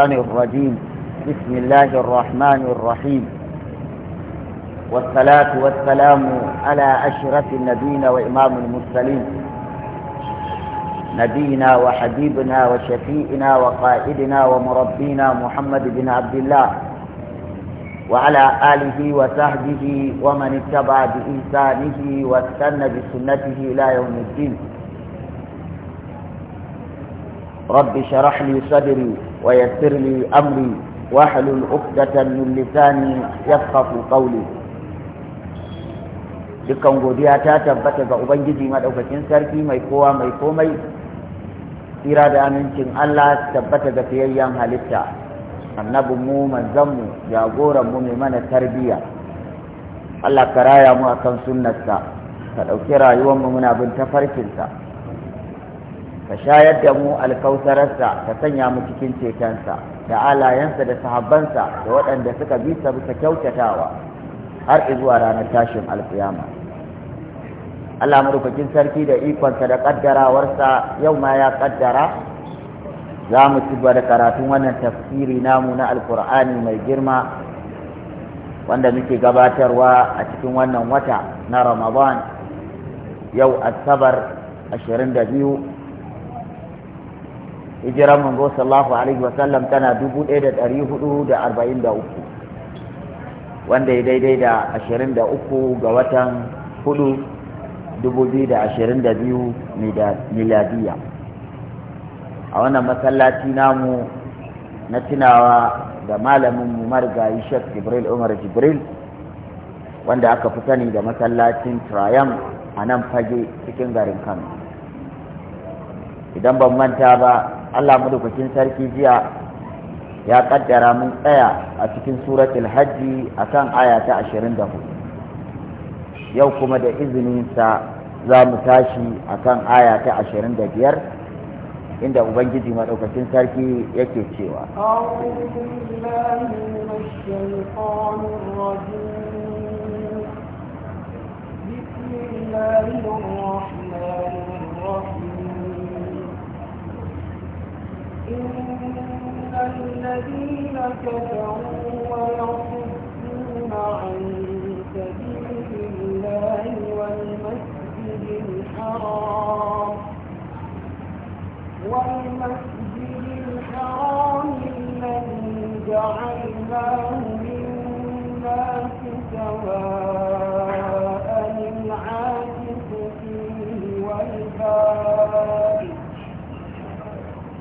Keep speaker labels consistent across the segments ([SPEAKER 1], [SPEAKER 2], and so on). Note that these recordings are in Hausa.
[SPEAKER 1] الشيطان الرجيم بسم الله الرحمن الرحيم والصلاة والسلام على أشرف النبيين وإمام المرسلين نبينا وحبيبنا وشفيئنا وقائدنا ومربينا محمد بن عبد الله وعلى آله وصحبه ومن اتبع بإنسانه واستنى بسنته إلى يوم الدين رب شرح لي صدري ويسر لي أمري واحلل عقدة من لساني يفقه قولي dukkan godiya ta tabbata ga ubangiji madaukakin sarki mai kowa mai komai tsira da amincin Allah tabbata ga fiyayyen halitta annabin mu manzanmu mu jagoran mu mai mana tarbiyya Allah ka raya mu akan sunnarsa ka ɗauki rayuwar mu muna bin tafarkinsa ka shayar da mu alkautararsa ka sanya mu cikin cetonsa da alayensa da sahabbansa da waɗanda suka bi sa bisa kyautatawa har zuwa ranar tashin alkiyama Allah sarki da ikonsa da kaddarawarsa yau ma ya kaddara za mu ci da karatun wannan tafsiri namu na alkur'ani mai girma wanda muke gabatarwa a cikin wannan wata na ramadan yau asabar 22 hijiran manzo sallallahu alaihi wasallam tana dubu ɗaya da ɗari hudu da arba'in da uku wanda ya daidai da ashirin da uku ga watan hudu dubu biyu da ashirin da biyu miladiya a wannan masallaci namu na tunawa da malamin mu marga shek jibril umar jibril wanda aka fi sani da masallacin triumph a nan fage cikin garin kano idan ban manta ba Allah madaukakin sarki jiya ya kaddara mun tsaya a cikin suratul hajji akan aya ta 24 yau kuma da sa za mu tashi akan aya ta 25 inda ubangiji madaukakin sarki yake cewa
[SPEAKER 2] بسم إن الذين كفروا ويصدون عن سبيل الله والمسجد الحرام والمسجد الحرام الذي جعلناه للناس سواء العاكف فيه والباب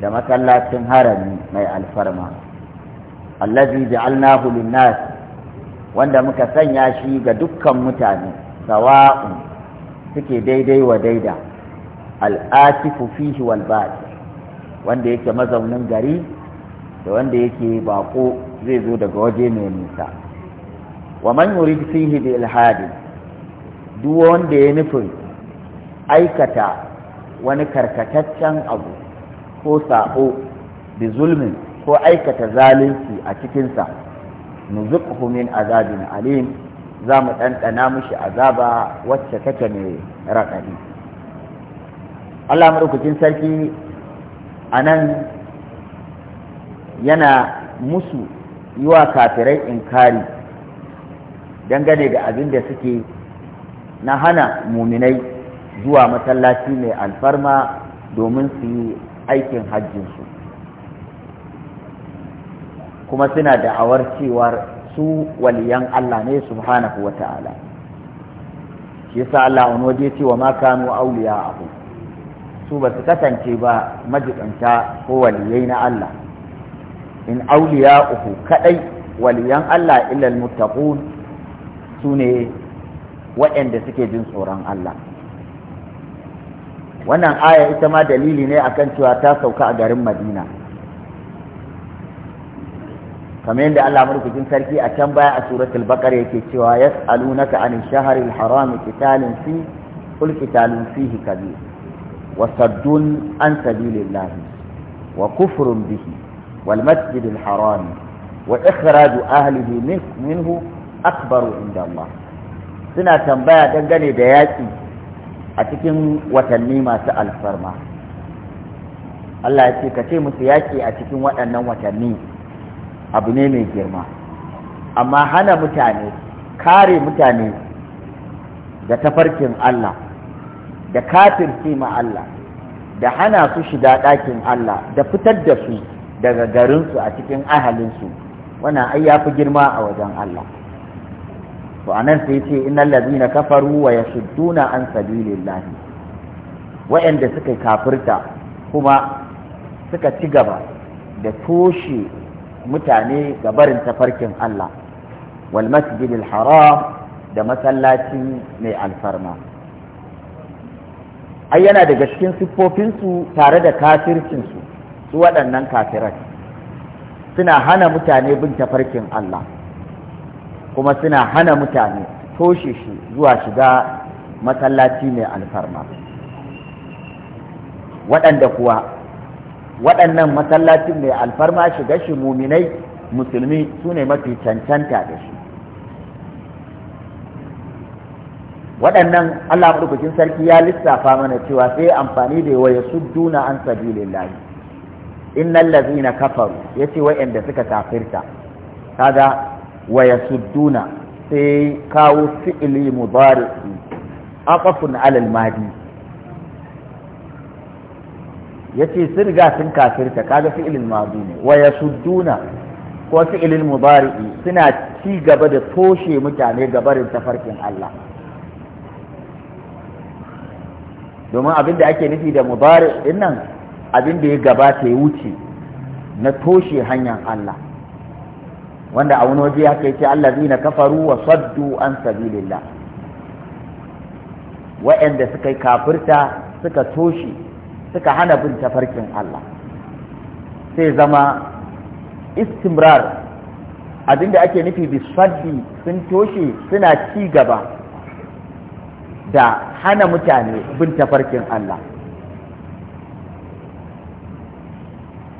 [SPEAKER 1] da masallacin harami mai alfarma allazi ja'alnahu linnas wanda muka sanya shi ga dukkan mutane sawa'un suke daidai wa daida al'atifu fihi wal ba'd wanda yake mazaunin gari da wanda yake bako zai zo daga waje mai nisa wa man yurid fihi bil ilhadi duk wanda ya nufi aikata wani karkataccen abu ko sa'o da zulmin ko aikata zalunci a cikinsa nuzuqhu min azabin alim za mu ɗanɗana mushi azaba wacce take mai raɗaɗi Allah maɗaukakin sarki anan yana musu yi wa kafirai inkari dangane da abin da suke na hana muminai zuwa masallaci mai alfarma domin su yi aikin hajjinsu kuma suna da'awar cewar su waliyan Allah ne subhanahu wa ta'ala shi yasa Allah wani waje cewa ma kanu auliya abu su ba su kasance ba majiɗanta ko waliyai na Allah in auliya uku kadai waliyan Allah illal muttaqun su ne waɗanda suke jin tsoron Allah wannan aya ita ma dalili ne akan cewa ta sauka a garin madina kamar yadda Allah mulkin sarki a can baya a suratul baqara yake cewa yas'alunaka anil shahril haram qitalun fi qul qitalun fihi kabir wa saddun an sabilillah wa kufrun bihi wal masjidil harami wa ikhraju ahlihi minhu akbaru inda Allah suna tambaya dangane da yaki a cikin watanni masu alfarma Allah ya ce ka ce musu yaƙi a cikin waɗannan watanni abu ne mai girma amma hana mutane kare mutane da tafarkin Allah da kafirci ma Allah da hana su shiga ɗakin Allah da fitar da su daga garinsu a cikin ahalinsu wannan ai ya fi girma a wajen Allah to anan sai ce innal ladina kafaru wa yasudduna an sabilillahi wa'anda suka kafirta kuma suka ci gaba da toshe mutane ga barin tafarkin Allah wal masjidil haram da masallaci mai alfarma ai yana daga cikin siffofinsu tare da kafircinsu su waɗannan kafiran suna hana mutane bin tafarkin Allah kuma suna hana mutane toshe shi zuwa shiga masallaci mai alfarma waɗanda kuwa waɗannan masallacin mai alfarma shiga shi muminai musulmi su ne mafi cancanta da shi waɗannan allah maɗaukakin sarki ya lissafa mana cewa sai amfani da waya duna an innan innal na kafaru wa'yan da suka kafirta kaga wa sudduna sai kawo fi'ili mudari'i aqafun alal madi yace sun riga sun kafirta kaga fi'ilin madi ne wa sudduna ko fi'ilin mudari'i suna ci gaba da toshe mutane gabarin tafarkin Allah domin abin da ake nufi da mudari din nan abin da ya gabata ya wuce na toshe hanyar Allah wanda a wani waje haka yace allazina kafaru wa saddu an sabilillah wa'anda suka kafirta suka toshe suka hana bin tafarkin Allah sai zama istimrar abinda ake nufi bi saddi sun toshe suna ci gaba da hana mutane bin tafarkin Allah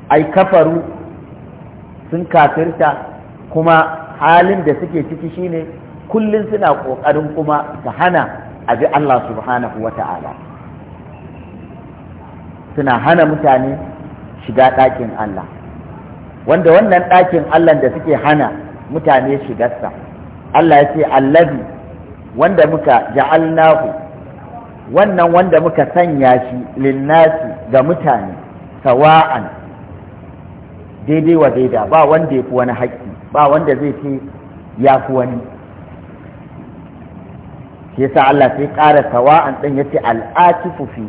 [SPEAKER 1] ai kafaru sun kafirta kuma halin da suke ciki shine kullum suna ƙoƙarin kuma su hana a bi Allah subhanahu wa ta'ala suna hana mutane shiga ɗakin Allah wanda wannan ɗakin Allah da suke hana mutane shigarsa Allah ya ce allazi wanda muka ja'alnahu wannan wanda muka sanya shi linnasi ga mutane sawa'an daidai wa daida ba wanda ya fi wani haƙƙi ba wanda zai ce ya fi wani shi yasa Allah sai ƙara sawa'an ɗin ya ce al'akifu fi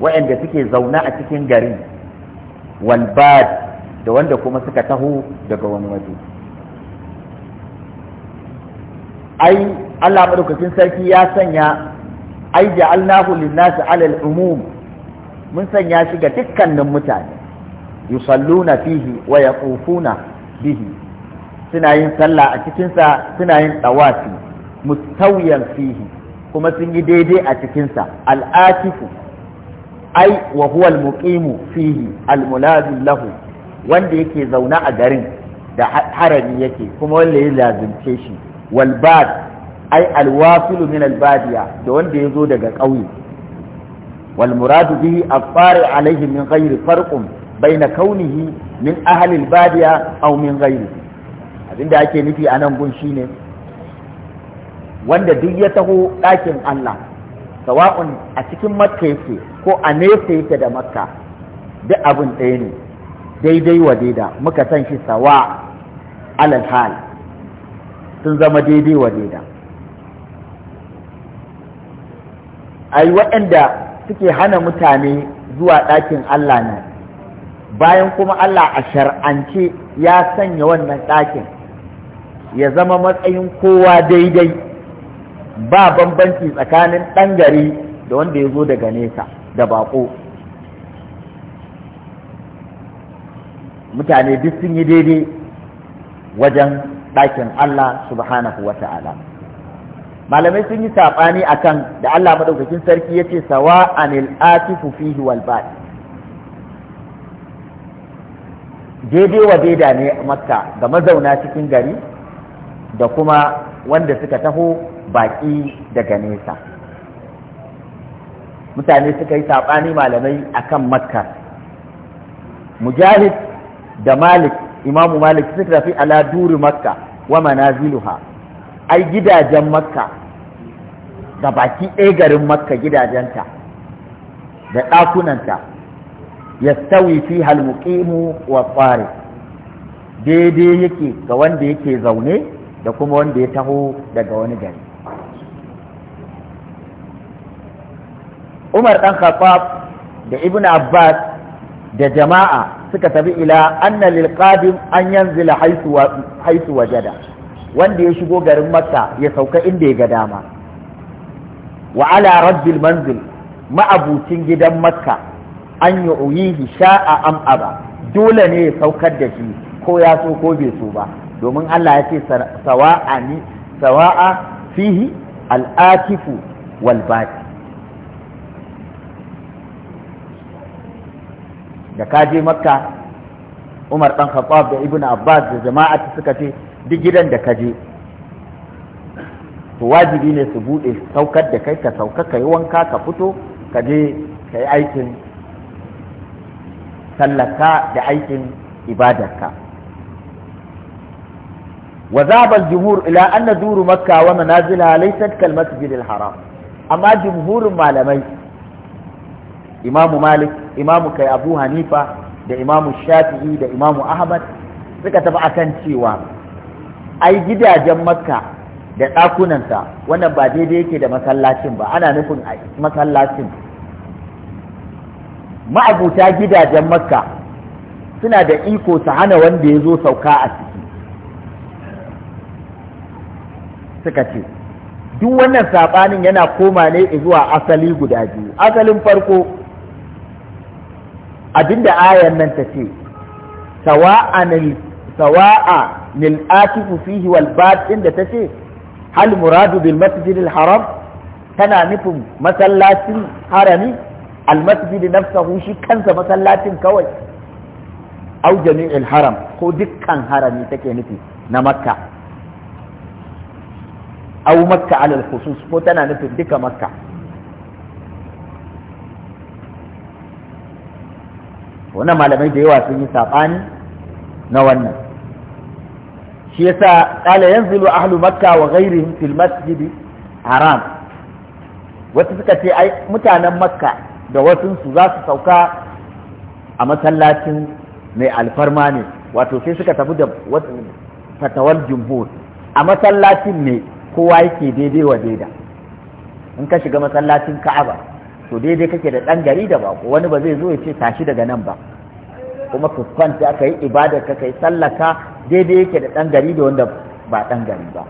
[SPEAKER 1] waɗanda suke zaune a cikin garin walbad da wanda kuma suka taho daga wani waje ai Allah madaukakin sarki ya sanya ai ja'alnahu lin-nasi 'alal umum mun sanya shi ga dukkanin mutane yusalluna fihi wa yaqufuna bihi suna yin sallah a cikinsa suna yin ɗawafi mustawiyan fihi kuma sun yi daidai a cikinsa al'atifu ai wa huwa al-muqimu fihi al lahu wanda yake zaune a garin da harami yake kuma wanda ya lazimce shi wal bad ai al min al-badiya da wanda ya zo daga ƙauye wal muradu bihi al-fari alaihi min ghairi farqun baina kaunihi min ahli al-badiya aw min abinda ake nufi a nan gun shine wanda duk ya taho ɗakin Allah sawa'un a cikin makka yake ko a nesa yake da makka duk abin ɗaya ne daidai wa daida muka san shi sawa alal hal sun zama daidai wa daida ai waɗanda suke hana mutane zuwa ɗakin Allah ne bayan kuma Allah a shar'ance ya sanya wannan ɗakin ya zama matsayin kowa daidai ba bambanci tsakanin ɗan gari da wanda ya zo daga nesa da baƙo mutane duk sun yi daidai wajen ɗakin Allah subhanahu wa ta'ala malamai sun yi saɓani a kan da Allah maɗaukakin sarki ya ce sawa anil atifu fihi wal baɗi daidai wa daida ne makka ga mazauna cikin gari da kuma wanda suka taho baƙi daga nesa mutane suka yi saɓani malamai kan makka mujahid da malik imamu malik suka tafi ala duri makka wa manaziluha ai gidajen makka da baki ɗaya garin makka gidajenta da ɗakunanta yastawi fi halmuƙimu wa tsari daidai yake ga wanda yake zaune da kuma wanda ya taho daga wani gari umar ɗan khattab da ibn abbas da jama'a suka tafi ila anna lil qadim an yanzila haisu wajada wanda ya shigo garin makka ya sauka inda ya ga dama wa ala rabbil manzil ma'abucin gidan makka an yi sha'a am aba dole ne ya saukar da shi ko ya so ko bai so ba domin Allah ya ce sawa'a ni sawa'a fihi al'atifu wal da ka je makka umar dan khattab da ibnu abbas da jama'atu suka ce duk gidan da ka je to wajibi ne su bude saukar da kai ka sauka ka yi wanka ka fito ka je ka yi aikin sallaka da aikin ibadarka wa zabal jumhur ila anna duru makka wa manazila laysat kal masjidil haram amma jumhurin malamai imamu malik imamu kai abu hanifa da imamu shafi'i da imamu ahmad suka tafi akan cewa ai gidajen makka da ɗakunanta wannan ba daidai yake da masallacin ba ana nufin masallacin ma'abuta gidajen makka suna da iko su hana wanda ya zo sauka a ciki suka ce duk wannan saɓanin yana koma ne zuwa asali guda biyu asalin farko abinda ayan nan ta ce sawa'a nil atifu fihi wal batin da ta ce hal muradu bil masjidil haram tana nufin masallacin harami al masjid nafsahu shi kansa masallacin kawai au jami'il haram ko dukkan harami take nufi na makka au makka alal khusus ko tana nufin duka makka wannan malamai da yawa sun yi saɓani na wannan shi yasa qala yanzilu ahlu makka wa ghayrihim fil haram wata suka ce mutanen makka da wasu su za su sauka a masallacin mai alfarma ne wato sai suka tafi da fatawar jumhur a masallacin ne kowa yake daidai wa daida in ka shiga masallacin ka'aba to daidai kake da ɗan gari da bako wani ba zai zo ya ce tashi daga nan ba kuma ka kwanta ka yi ibada ka kai sallaka daidai yake da ɗan gari da wanda ba ɗan gari ba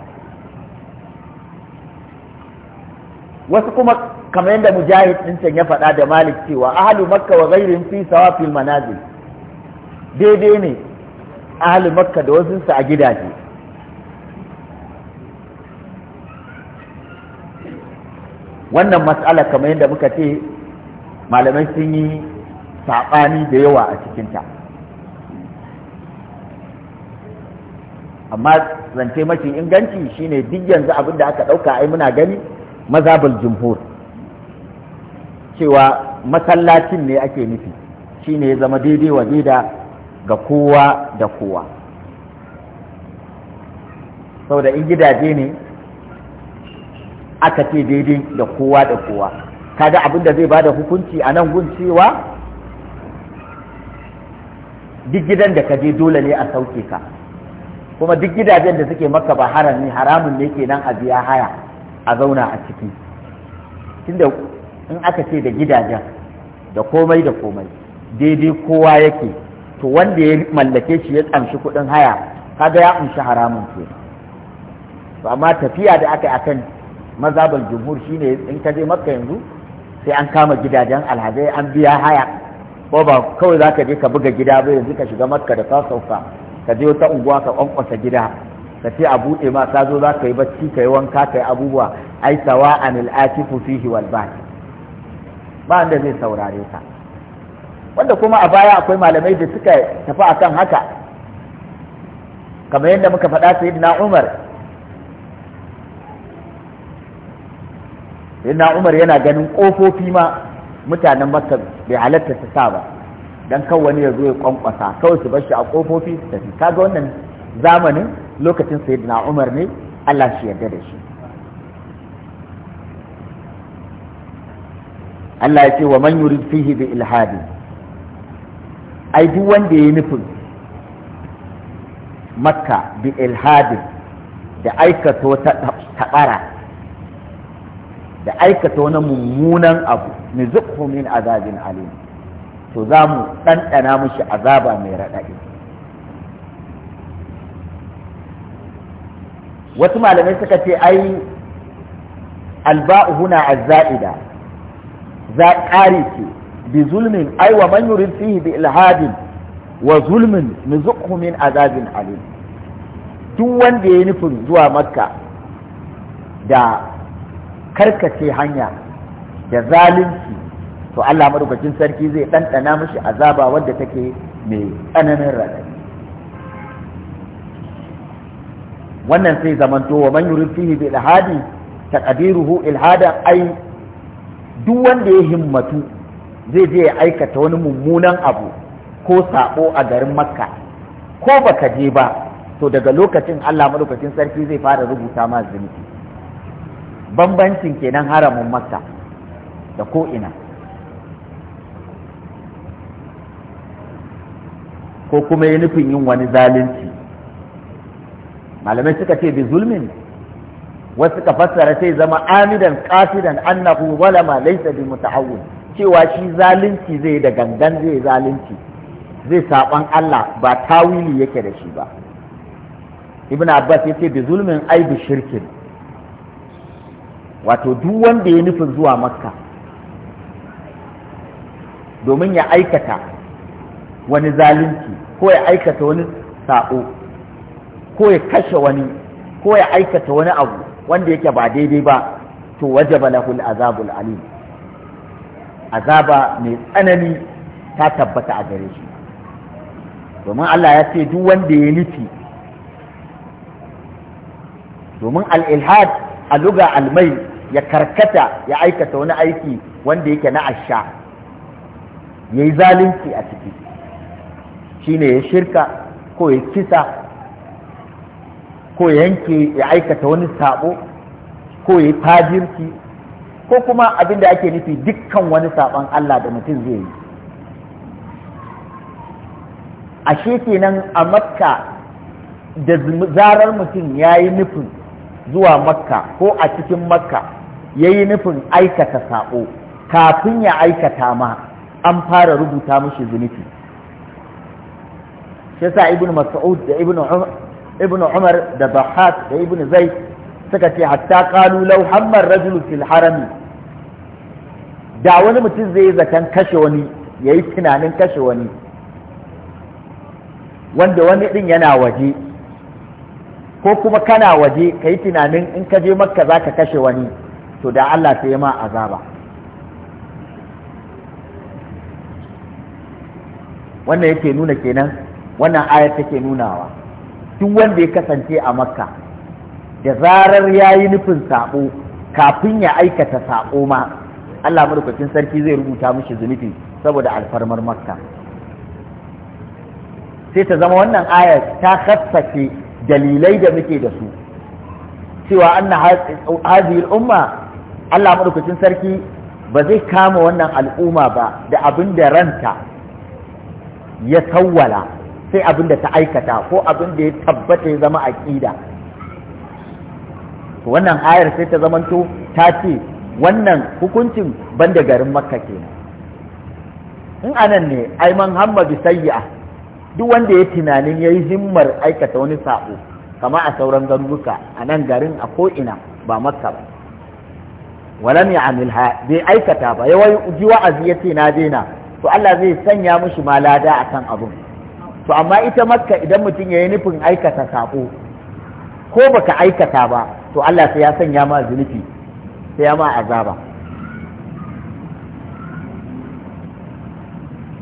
[SPEAKER 1] wasu kuma kamar yadda mujahid can ya faɗa da malik cewa ahalu makka wa ghairin fi sawafil manazil daidai ne ahalu makka da wasu su a gidaje wannan matsala kamar yadda muka ce malamai sun yi saɓani da yawa a cikinta amma zance mafi inganci shine duk yanzu abin da aka ɗauka ai muna gani mazabul jumhur cewa masallacin ne ake nufi shine ya zama daidai wa daida ga kowa da kowa saboda in gidaje ne aka ce daidai da kowa da kowa kaga abin da zai ba da hukunci a nan gun cewa duk gidan da ka je dole ne a sauke ka kuma duk gidajen da suke maka ba harami haramun ne ke nan a biya haya a zauna a ciki tunda in aka ce da gidajen da komai da komai daidai kowa yake to wanda ya mallake shi ya tsamshi kuɗin haya kaga ya amshi haramun kenan amma tafiya da aka yi akan mazhaban jumhur shine in ka je makka yanzu sai an kama gidajen alhazai an biya haya ko ba kawai za ka je ka buga gida bai yanzu ka shiga makka da ka ka je wata unguwa ka kwankwasa gida ka ce a buɗe ma ka zo za ka yi bacci ka yi wanka ka yi abubuwa ai sawa anil atifu fihi wal ba wanda zai saurare ka wanda kuma a baya akwai malamai da suka tafi akan haka kamar yadda muka faɗa sayyidina Umar sayyidina Umar yana ganin kofofi ma mutanen Makka bai halatta su sa ba dan kan wani ya zo ya kwankwasa kawai su bar shi a kofofi su tafi kaga wannan zamanin lokacin sayyidina Umar ne Allah shi yarda da shi Allah ya ce wa man yurid fihi bi ilhadi ai duk wanda ya nufin makka bi ilhadi da aikata ta tabara da aikata wani mummunan abu nuzukhu min azabin alim to za mu ɗanɗana mushi azaba mai raɗaɗi wasu malamai suka ce ai alba'u huna azza'ida za ƙari ce bi zulmin ai wa man yurid bi ilhadin wa zulmin nuzukhu min azabin alim duk wanda ya nufin zuwa makka da karkace hanya da zalunci to Allah madaukakin sarki zai ɗanɗana mishi azaba wadda take mai tsananin raɗaɗi wannan sai zamanto wa man yurid fihi bi ilhadi taqdiruhu ilhada ai duk wanda ya himmatu zai je ya aikata wani mummunan abu ko sabo a garin makka ko baka je ba to daga lokacin Allah madaukakin sarki zai fara rubuta ma zunubi bambancin kenan haramun makka da ko'ina ko kuma ya nufin yin wani zalunci malamai suka ce bi zulmin wasu ka fassara sai zama amidan ƙasidan, annahu ma laysa bi muta'awwil cewa shi zalunci zai da gangan zai zalunci zai saban Allah ba tawili yake da shi ba ibn abbas yace bi zulmin ai bi shirkin wato duk wanda ya nufin zuwa makka domin ya aikata wani zalunci ko ya aikata wani sa'o ko ya kashe wani ko ya aikata wani abu wanda yake ba daidai ba to wajaba lahul azabul alim azaba mai tsanani ta tabbata a gare shi domin Allah ya ce duk wanda ya nufi domin al'ilhad a luga almai ya karkata ya aikata wani aiki wanda yake na asha ya yi zalunci a ciki shi ne ya shirka ko ya kisa ko ya yanke ya aikata wani sabo ko ya yi tajirki ko kuma abinda da ake nufi dukkan wani sabon Allah da mutum zai yi ashe nan a makka da zarar mutum ya yi nufin zuwa makka ko a cikin makka ya yi nufin aikata saɓo kafin ya aikata ma an fara rubuta mashi zunufi shi sa ibn mas'ud da Ibn umar da bahat da Ibn zai suka ce hatta kalu law hamma rajulu fil harami da wani mutum zai yi zaton kashe wani ya yi tunanin kashe wani wanda wani din yana waje ko kuma kana waje ka yi tunanin in ka je makka za ka kashe wani to da Allah sai ma azaba wannan yake nuna kenan wannan ayar take nunawa duk wanda ya kasance a makka da zarar ya yi nufin saɓo kafin ya aikata saɓo ma Allah madaukakin sarki zai rubuta mishi zunubi saboda alfarmar makka sai ta zama wannan ayar ta kassace dalilai da muke da su cewa anna hadhihi al-umma Allah madaukakin sarki ba zai kama wannan al'umma ba da abin da ranta ya sawwala sai abin da ta aikata ko abin da ya tabbata ya zama aƙida wannan ayar sai ta zamanto ta ce wannan hukuncin banda garin makka ke in anan ne ai man hamma bi sayyi'a duk wanda ya tunanin ya yi himmar aikata wani sabo kama a sauran garuruka a nan garin a ko'ina ba makka ba walam ya'milha bai aikata ba yawai ji wa'azi ce na daina to Allah zai sanya mishi a akan abun to amma ita makka idan mutum yayi nufin aikata sako ko baka aikata ba to Allah sai ya sanya ma zunubi sai ya ma azaba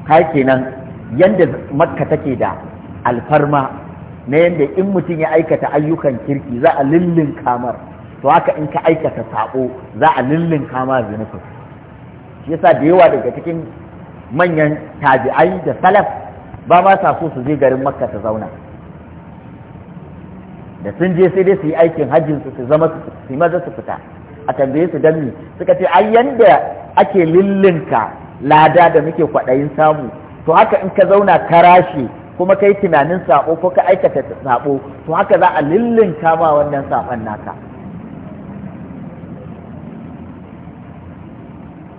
[SPEAKER 1] kai kenan yanda makka take da alfarma na yanda in mutum ya aikata ayyukan kirki za a lullun kamar to haka in ka aikata sabo za a lillin kama zinufin shi yasa da yawa daga cikin manyan tabi'ai da salaf ba ma sa so su je garin makka ta zauna da sun je sai dai su yi aikin hajjin su zama su maza su fita a tambaye su danni suka ce ai yanda ake ka lada da muke kwaɗayin samu to haka in ka zauna ka rashe kuma kai tunanin sabo ko ka aikata sabo to haka za a lillin ma wannan sabon naka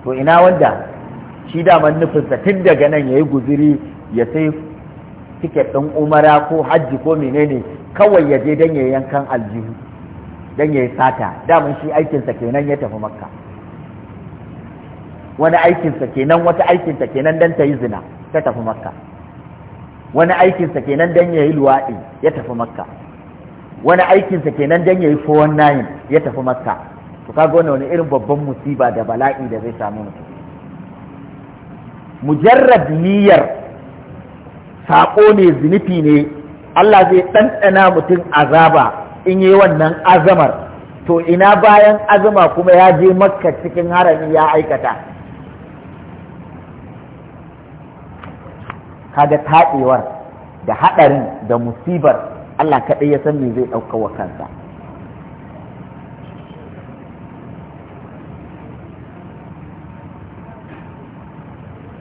[SPEAKER 1] to ina wanda shi daman nufinsa tun daga nan ya yi guziri ya sai tiket ɗin umara ko hajji ko menene kawai ya je don ya yankan aljihu don ya yi sata daman shi aikinsa kenan ya tafi makka wani aikinsa kenan wata aikinsa kenan don ta yi zina ta tafi makka wani aikinsa kenan don ya yi luwaɗi ya tafi makka wani aikinsa kenan don ya yi 419 ya tafi makka to ka wannan wani irin babban musiba da bala'i da zai samu mutum mujarrad niyyar saƙo ne zunufi ne Allah zai ɗanɗana mutum azaba in yi wannan azamar to ina bayan azama kuma ya je makka cikin harami ya aikata kaga taɗewar da haɗarin da musibar Allah kaɗai ya san me zai ɗauka wa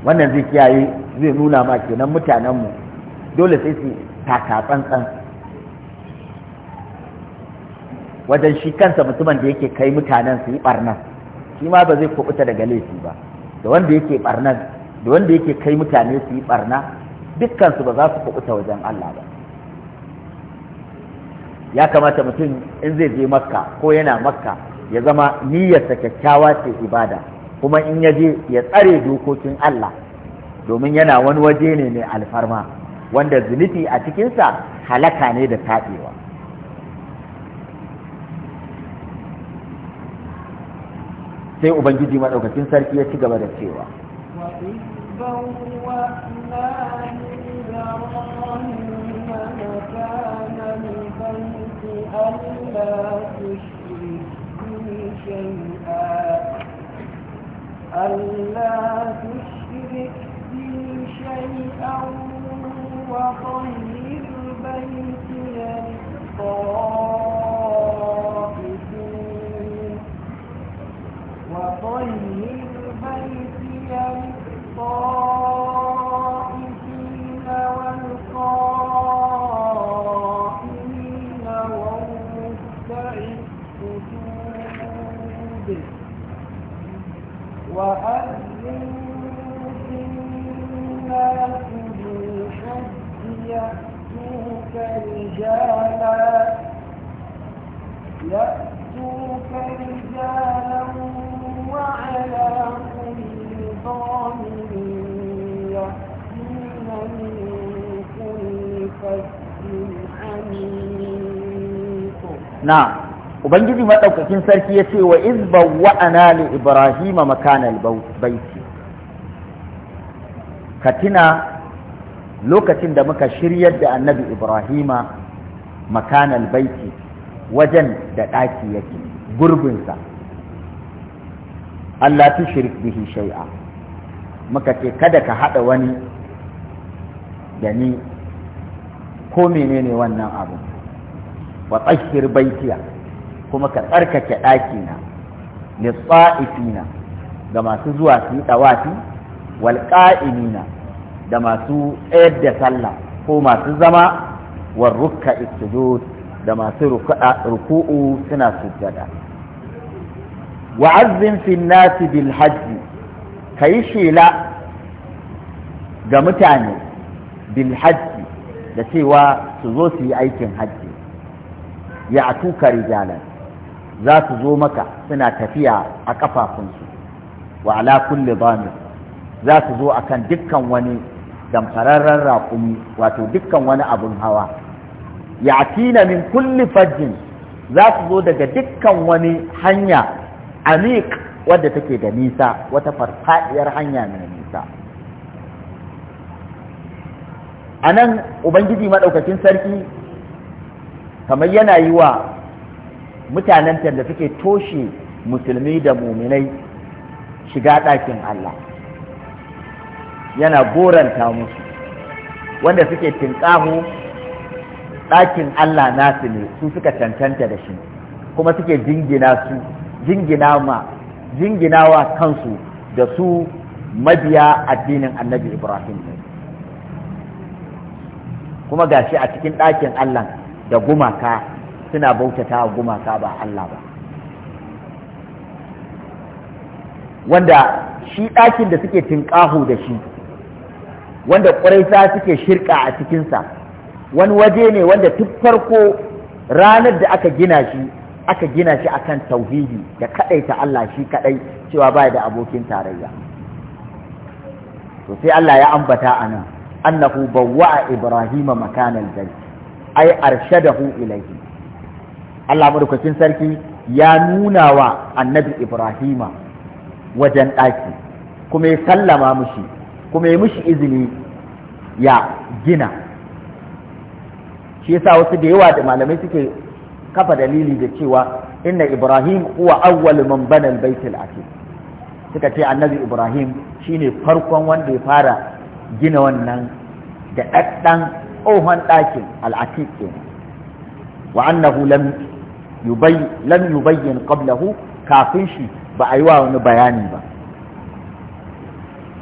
[SPEAKER 1] wannan zai kiyaye zai nuna ma kenan mutanenmu dole sai su taka tsantsan wajen shi kansa mutumin da yake kai mutanen su yi barnan shi ma ba zai kubuta daga laifi ba da wanda yake barnan da wanda yake kai mutane su yi barna dukkansu ba za su kubuta wajen Allah ba ya kamata mutum in zai je makka ko yana makka ya zama niyyarsa kyakkyawa ce ibada kuma in ya je ya tsare dokokin Allah domin yana wani waje ne mai alfarma wanda zunubi a cikinsa halaka ne da taɓewa sai ubangiji maɗaukacin sarki ya ci gaba da cewa
[SPEAKER 2] ألا تشرك بي شيئا وطير بيتي للطائفين وطهر بيتي للطائفين وأذن في الناس يأتوك رجالا يأتوك رجالا وعلى كل ضامر يأتين من كل نعم
[SPEAKER 1] ubangiji madaukakin sarki ya ce wa izba wa'ana li ibrahima makanal baiti ka tuna lokacin da muka shiryar da annabi ibrahima makanal baiti wajen da ɗaki yake gurbinsa Allah tu shirik bihi shai'a muka ce kada ka haɗa wani da ni ko menene wannan abu wa tsakiyar baitiya kuma ka tsarkake ɗakina lissa'ifina ga masu zuwa su yi ɗawafi walƙa'imina da masu tsayar da sallah ko masu zama wa rukka istujud da masu ruku'u suna sujjada wa azzin fi bil hajji kayi shela ga mutane bil hajji da cewa su zo su yi aikin hajji ya tuka rijalan za su zo maka suna tafiya a kafafunsu wa ala kulli damir za su zo kan dukkan wani damfararren raƙumi wato dukkan wani abun hawa Ya ya'tina min kulli fajjin za su zo daga dukkan wani hanya amik wadda take da nisa wata farfadiyar hanya mai nisa a nan ubangiji maɗaukacin sarki kamar yana yi wa mutanen da suke toshe musulmi da muminai shiga ɗakin Allah yana goranta musu wanda suke tinƙaho ɗakin Allah nasu ne su suka cancanta da shi kuma suke jingina su jingina ma jinginawa kansu da su mabiya addinin annabi Ibrahim ne kuma gashi a cikin ɗakin Allah da gumaka suna bautata wa gumaka ba Allah ba wanda shi ɗakin da suke tinƙahu da shi wanda ƙwarai suke shirka a cikinsa wani waje ne wanda tun farko ranar da aka gina shi aka gina shi akan tauhidi da ta Allah shi kaɗai cewa baya da abokin tarayya to sai Allah ya ambata a nan annahu bawwa'a ibrahima makanal jannah ay arshadahu ilayhi Allah madaukakin sarki ya nuna wa annabi Ibrahima wajen ɗaki kuma ya sallama mushi kuma ya mushi izini ya gina shi yasa wasu da yawa da malamai suke kafa dalili da cewa inna Ibrahim huwa awwal man bana al-baitul suka ce annabi Ibrahim shine farkon wanda ya fara gina wannan da ɗaɗɗan tsohon ɗakin al'atik wa annahu lam lam yubayyin qablahu kafin shi ba a yi wa wani bayani ba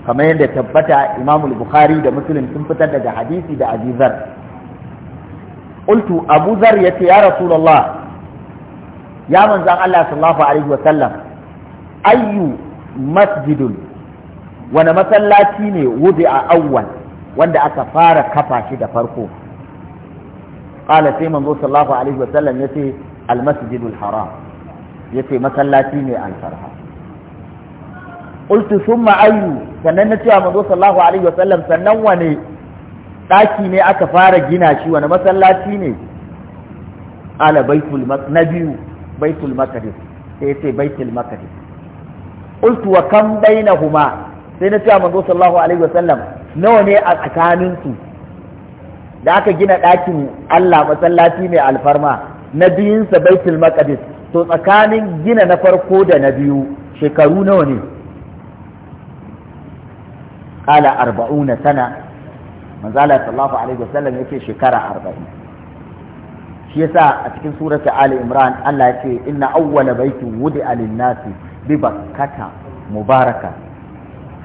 [SPEAKER 1] kamar yadda tabbata imamul bukhari da musulun sun fitar daga hadisi da abizar qultu abu zar ce ya rasulullah ya manzan Allah sallallahu alaihi wa sallam ayyu masjidun wani masallaci ne wudi a awwal wanda aka fara kafa shi da farko qala sai manzo sallallahu alaihi wa yace almasjidul haram yace masallaci ne alfarha qultu thumma ayu sannan na cewa manzo sallallahu alaihi wasallam sannan wane daki ne aka fara gina shi wani masallaci ne ala baitul nabiyu baitul sai yace baitul maqdis qultu wa kam bainahuma sai na cewa manzo sallallahu alaihi wasallam nawa ne a tsakaninsu da aka gina ɗakin Allah masallaci mai alfarma na biyunsa baitul maqdis to tsakanin gina na farko da na biyu shekaru nawa ne qala arba'una sana manzo Allah sallallahu alaihi wasallam yake shekara 40 shi yasa a cikin surata ali imran Allah yake inna awwala baiti Wudi lin-nasi bi bakkata mubaraka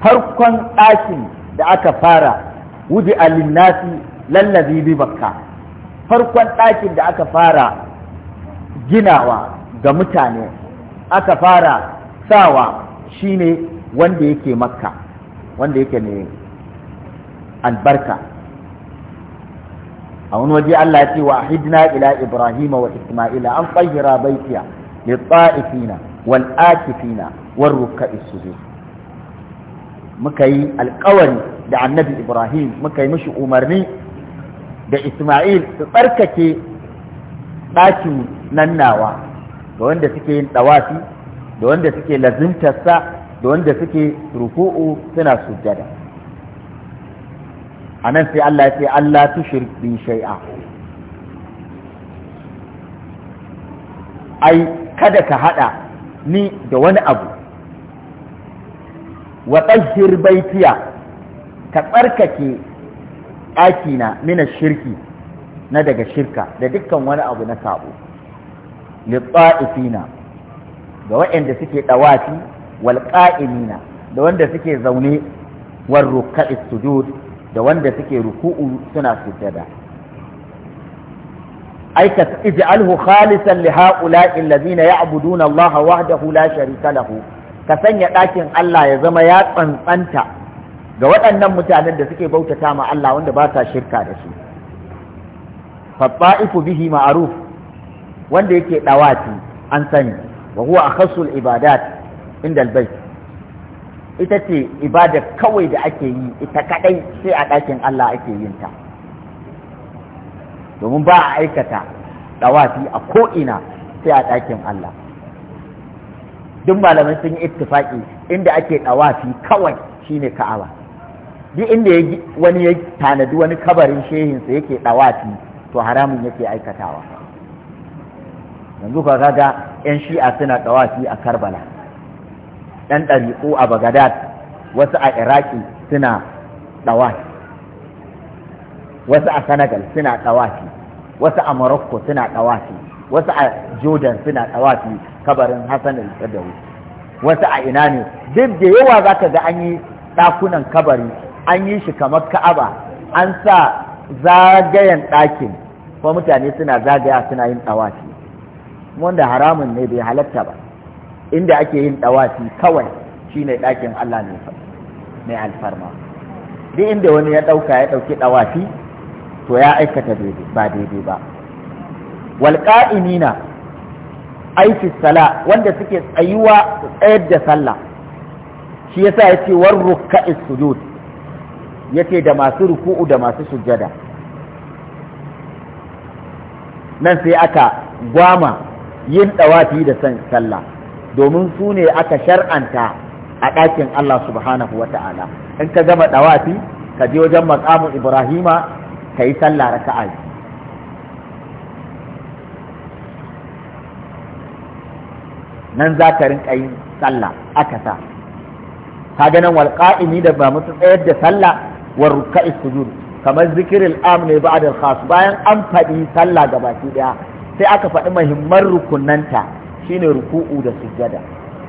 [SPEAKER 1] farkon ɗakin da aka fara Wudi lin-nasi lallabi bi bakka farkon ɗakin da aka fara ginawa ga mutane aka fara sawa shine wanda yake makka wanda yake ne albarka a wani waje Allah ya ce wa ahidna ila ibrahima wa isma'ila an tsahira baitiya للطائفين والآكفين Muka yi alkawari da annabi Ibrahim, muka yi مش umarni da Ismail su tsarkake ɗakin nan nawa da wanda suke yin ɗawafi da wanda suke lazimtarsa da wanda suke ruku'u suna sujjada a nan sai Allah ya ce Allah tu bi shai'a ai kada ka hada ni da wani abu wa tsahir baitiya ka tsarkake ɗakina mina shirki na daga shirka da dukkan wani abu na sabo litsa'ifina ga waɗanda suke ɗawafi wal qa'imina da wanda suke zaune war rukka'i sujud da wanda suke ruku'u suna sujjada aika ka ij'alhu khalisan li ha'ula'i allazina ya'buduna Allah wahdahu la sharika lahu ka sanya ɗakin Allah ya zama ya tsantsanta ga waɗannan mutanen da suke bautata ma Allah wanda ba sa shirka da shi fatta'ifu bihi ma'ruf wanda yake dawati an sani wa huwa akhasul ibadat inda albayt ita ce ibada kawai da ake yi ita kadai sai a ɗakin Allah ake yin ta domin ba a aikata dawati a ko'ina sai a ɗakin Allah duk malamai sun yi ittifaki inda ake dawafi kawai shine ka'aba duk inda wani ya tanadi wani kabarin shehinsa yake dawafi to haramun yake aikatawa yanzu ka ga 'yan shi'a suna tsawafi a karbala ɗan ɗariƙo a bagadad wasu a iraki suna tsawafi wasu a senegal suna tsawafi wasu a morocco suna tsawafi wasu a jordan suna tsawafi kabarin hassan al-sadawi wasu a ina ne duk da yawa za ka ga an yi ɗakunan kabari an yi shi kamar ka'aba an sa zagayen ɗakin ko mutane suna zagaya suna yin ɗawafi wanda haramun ne bai halatta ba inda ake yin ɗawafi kawai shine ɗakin Allah ne mai alfarma duk inda wani ya ɗauka ya ɗauki ɗawafi to ya aikata ba daidai ba walƙa'inina aiki sala wanda suke tsayuwa tsayar da sallah shi yasa ya ce war ruka'i sujud yace da masu ruku'u da masu sujada nan sai aka gwama yin ɗawafi da san sallah domin su ne aka shar'anta a ɗakin Allah subhanahu wa ta'ala in ka gama ɗawafi ka je wajen makamu ibrahima ka yi sallah raka'a nan za ka rinka yin sallah aka sa ka ganin walƙa'imi da ba mutu tsayar da sallah war ruka'is sujud kamar zikirin am ne ba da bayan an faɗi sallah baki daya sai aka faɗi muhimman rukunanta shine ruku'u da sujjada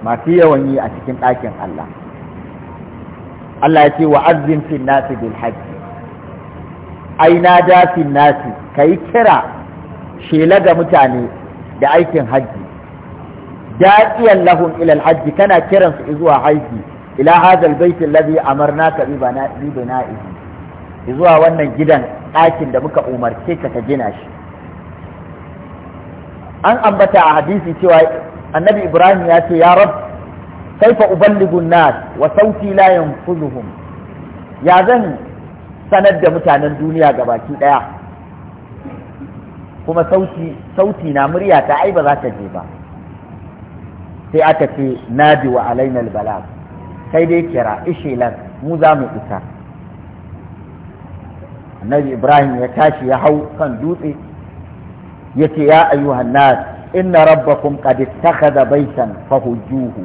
[SPEAKER 1] masu yawan yi a cikin ɗakin Allah Allah ya ce wa azzin fi nasi bil hajji ai na da fi nasi kai kira shela ga mutane da aikin hajji da'iyan lahum ila hajji kana kiransu zuwa hajji ila hadal baiti alladhi amarnaka bi bana'ihi zuwa wannan gidan ɗakin da muka umarce ka ta gina shi an ambata a hadisi cewa annabi ibrahim ya ce ya rab kaifa uballigu nas wa sauti la yanfuzuhum ya zan sanar da mutanen duniya ga baki ɗaya? kuma sauti na murya ta ai ba za ta je ba sai aka ce nadi wa alainal balagh sai dai kira ishilan mu za mu isa annabi ibrahim ya tashi ya hau kan dutse ya ce ya ayyuhan nas inna rabbakum qad ittakhadha fa fahujjuhu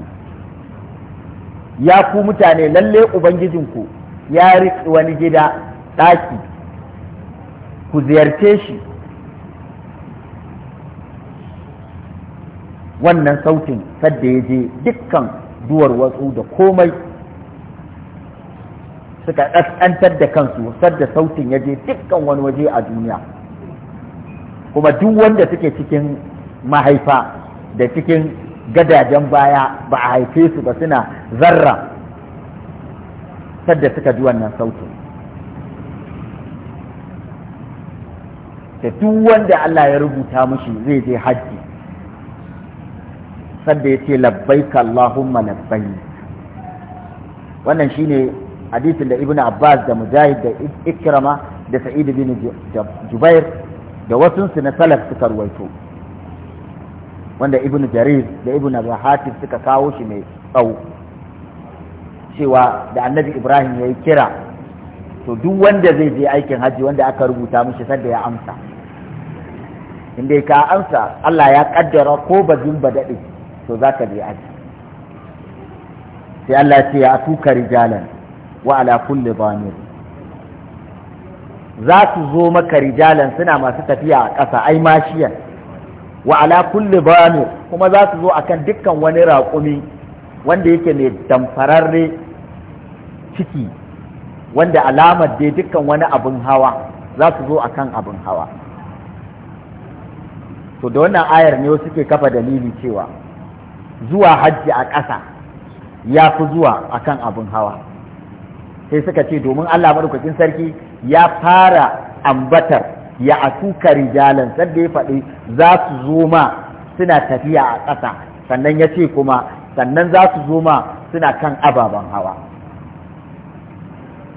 [SPEAKER 1] ya ku mutane lalle ubangijinku ya riƙi wani gida ɗaki ku ziyarce shi wannan sautin sadda ya je dukkan duwar watsu da komai suka ƙasƙantar da kansu sadda sautin ya je dukkan wani waje a duniya kuma duk wanda suke cikin mahaifa da cikin gadajen baya ba a haife su ba suna zarra sadda suka ji wannan sautin da duk wanda Allah ya rubuta mushi zai je hajji sadda ya ce labbaika Allahumma labbai wannan shine hadisin da ibnu abbas da mujahid da ikrama da sa'id bin jubair da wasunsu na salaf suka ruwaito wanda ibn jarir da ibn rahatif suka kawo shi mai tsawo cewa da annabi ibrahim ya yi kira to duk wanda zai je aikin hajji wanda aka rubuta mishi sadda ya amsa inda ka amsa allah ya kaddara ko ba zumba to za ka je aji sai Allah ce ya tuka rijalan wa ala kulli za su zo maka rijalan suna masu tafiya a ƙasa ai mashiyan wa ala kulli kuma za su zo akan dukkan wani raƙumi wanda yake mai damfararre ciki wanda alamar dai dukkan wani abin hawa za su zo akan abin hawa to da wannan ayar ne suke kafa dalili cewa zuwa hajji a ƙasa ya fi zuwa a kan abin hawa sai suka ce domin Allah maɗaukakin sarki ya fara ambatar ya atuka rijalan sadda ya faɗi za su zo ma suna tafiya a ƙasa sannan ya ce kuma sannan za su zo ma suna kan ababen hawa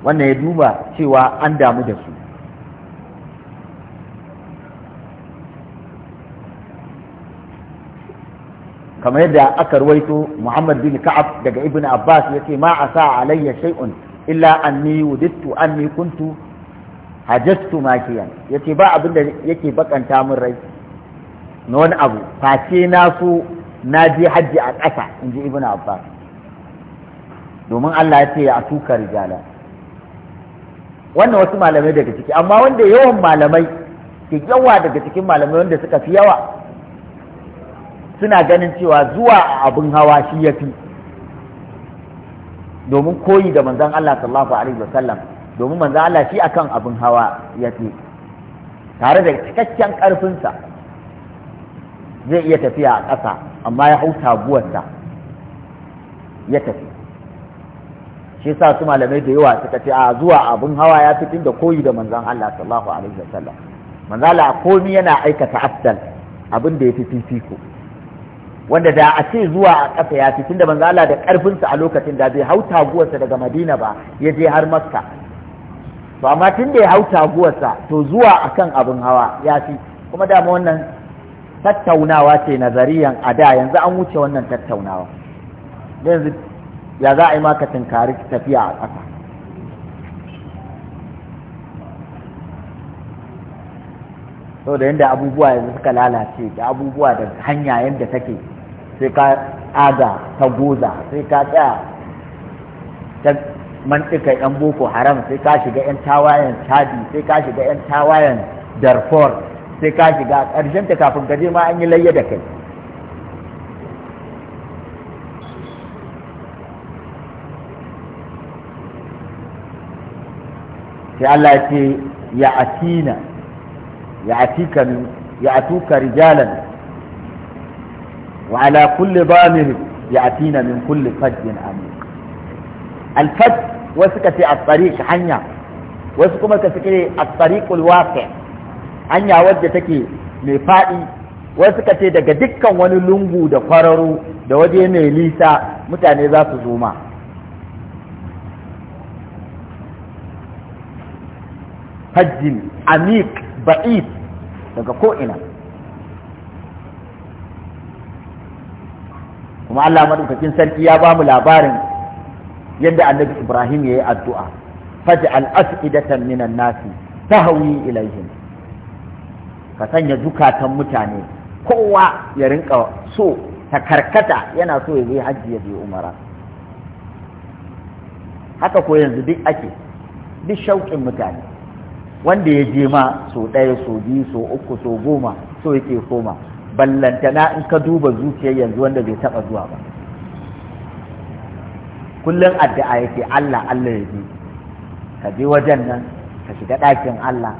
[SPEAKER 1] wannan ya duba cewa an damu da su kamar yadda aka ruwaito Muhammad bin Ka'ab daga Ibn Abbas ya ce, ma asa alayya shay'un illa anni wudittu anni kuntu hajjastu makiyan ya ce ba abin da yake bakanta min rai na wani abu face na so na je hajji a ƙasa in ji Ibn Abbas domin Allah ya ce ya tuka rijala wannan wasu malamai daga ciki amma wanda yawan malamai ke yawa daga cikin malamai wanda suka fi yawa suna ganin cewa zuwa a abin hawa shi ya fi domin koyi da manzan Allah sallallahu alaihi wasallam domin manzan Allah shi akan abin hawa ya fi tare da cikakken ƙarfinsa zai iya tafiya a ƙasa amma ya hau taguwarsa ya tafi shi sa su malamai da yawa suka ce a zuwa abin hawa ya fi da koyi da manzan Allah sallallahu alaihi wasallam manzala komi yana aikata afdal abin da ya fi fifiko wanda da a ce zuwa a ƙasa ya fi tunda manzo Allah da ƙarfinsa a lokacin da zai hau taguwarsa daga Madina ba ya je har Makka to amma tunda ya hau taguwarsa to zuwa kan abin hawa ya fi kuma dama wannan tattaunawa ce nazariyan a da yanzu an wuce wannan tattaunawa yanzu ya za a yi maka tunkari tafiya a ƙasa da yadda abubuwa yanzu suka lalace da abubuwa da hanya yadda take sai ka aga ta goza sai ka tsaya ta mantika yan boko haram sai ka shiga yan tawayen chadi sai ka shiga yan tawayen darfur sai ka shiga ƙarshen ta kafin ka je ma an yi layya da kai sai Allah ya ce ya atina ya atika ya atuka rijalan wa ala kulli dhamir ya'tina min kulli fajjin amiq al fajj wasu kace at-tariq hanya wasu kuma suke at-tariqul hanya wadda take mai faɗi, wasu kace daga dukkan wani lungu da kwararo da waje mai nisa mutane za su zo ma fajjin amik ba'id daga ko'ina kuma Allah madaukakin sarki ya ba mu labarin yadda annabi Ibrahim ya yi addu'a faj'al as'idatan minan nasi hauyi ilaihim ka sanya zukatan mutane kowa ya rinka so ta karkata yana so ya je hajji ya je umara haka ko yanzu duk ake duk shauƙin mutane wanda ya je ma so ɗaya so biyu so uku so goma so yake koma ballantana in ka duba zuciyar yanzu wanda bai taba zuwa ba kullum addu'a yake Allah Allah ya je ka je wajen nan ka shiga ɗakin Allah